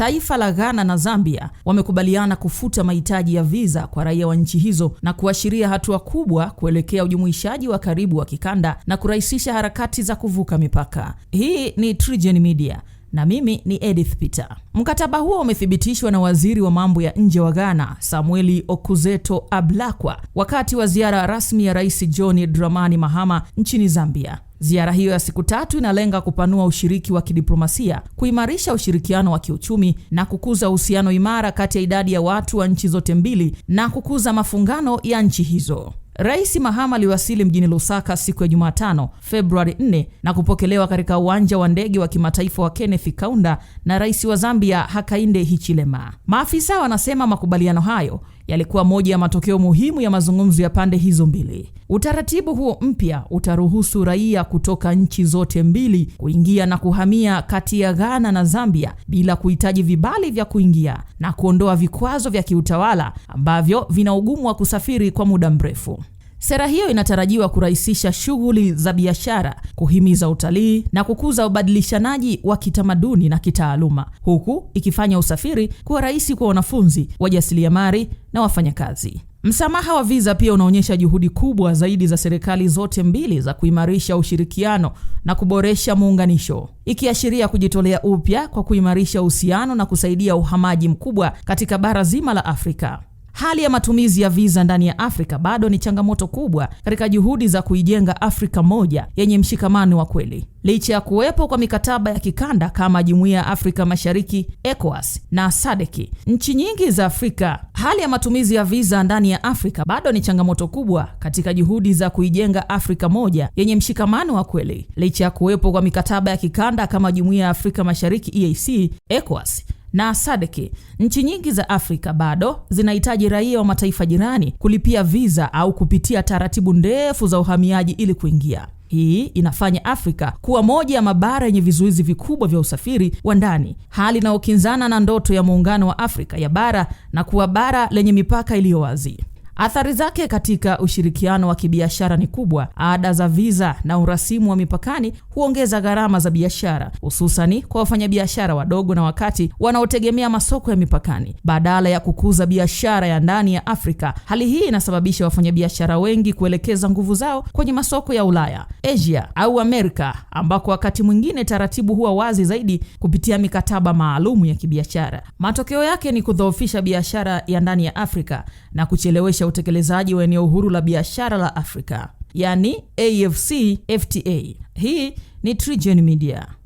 Taifa la Ghana na Zambia wamekubaliana kufuta mahitaji ya viza kwa raia wa nchi hizo na kuashiria hatua kubwa kuelekea ujumuishaji wa karibu wa kikanda na kurahisisha harakati za kuvuka mipaka. Hii ni TriGen Media na mimi ni Edith Peter. Mkataba huo umethibitishwa na waziri wa mambo ya nje wa Ghana Samueli Okuzeto Ablakwa wakati wa ziara rasmi ya Rais John Dramani Mahama nchini Zambia. Ziara hiyo ya siku tatu inalenga kupanua ushiriki wa kidiplomasia, kuimarisha ushirikiano wa kiuchumi na kukuza uhusiano imara kati ya idadi ya watu wa nchi zote mbili na kukuza mafungano ya nchi hizo. Rais Mahama aliwasili mjini Lusaka siku ya Jumatano, Februari 4 na kupokelewa katika uwanja wa ndege wa kimataifa wa Kenneth Kaunda na rais wa Zambia Hakainde Hichilema. Maafisa wanasema makubaliano hayo yalikuwa moja ya matokeo muhimu ya mazungumzo ya pande hizo mbili. Utaratibu huo mpya utaruhusu raia kutoka nchi zote mbili kuingia na kuhamia kati ya Ghana na Zambia bila kuhitaji vibali vya kuingia na kuondoa vikwazo vya kiutawala ambavyo vina ugumu wa kusafiri kwa muda mrefu. Sera hiyo inatarajiwa kurahisisha shughuli za biashara, kuhimiza utalii na kukuza ubadilishanaji wa kitamaduni na kitaaluma, huku ikifanya usafiri kuwa rahisi kwa wanafunzi, wajasiriamali na wafanyakazi. Msamaha wa viza pia unaonyesha juhudi kubwa zaidi za serikali zote mbili za kuimarisha ushirikiano na kuboresha muunganisho, ikiashiria kujitolea upya kwa kuimarisha uhusiano na kusaidia uhamaji mkubwa katika bara zima la Afrika. Hali ya matumizi ya visa ndani ya Afrika bado ni changamoto kubwa katika juhudi za kuijenga Afrika moja yenye mshikamano wa kweli. Licha ya kuwepo kwa mikataba ya kikanda kama Jumuiya ya Afrika Mashariki, ECOWAS na SADC, nchi nyingi za Afrika, hali ya matumizi ya visa ndani ya Afrika bado ni changamoto kubwa katika juhudi za kuijenga Afrika moja yenye mshikamano wa kweli. Licha ya kuwepo kwa mikataba ya kikanda kama Jumuiya ya Afrika Mashariki, EAC, ECOWAS na Sadeki. Nchi nyingi za Afrika bado zinahitaji raia wa mataifa jirani kulipia viza au kupitia taratibu ndefu za uhamiaji ili kuingia. Hii inafanya Afrika kuwa moja ya mabara yenye vizuizi vikubwa vya usafiri wa ndani, hali inayokinzana na ndoto ya muungano wa Afrika ya bara na kuwa bara lenye mipaka iliyo wazi. Athari zake katika ushirikiano wa kibiashara ni kubwa. Ada za visa na urasimu wa mipakani huongeza gharama za biashara, hususani kwa wafanyabiashara wadogo na wakati wanaotegemea masoko ya mipakani badala ya kukuza biashara ya ndani ya Afrika. Hali hii inasababisha wafanyabiashara wengi kuelekeza nguvu zao kwenye masoko ya Ulaya, Asia au Amerika, ambako wakati mwingine taratibu huwa wazi zaidi kupitia mikataba maalumu ya kibiashara. Matokeo yake ni kudhoofisha biashara ya ndani ya Afrika na kuchelewesha utekelezaji wa eneo huru la biashara la Afrika, yaani AfCFTA. Hii ni TriGen Media.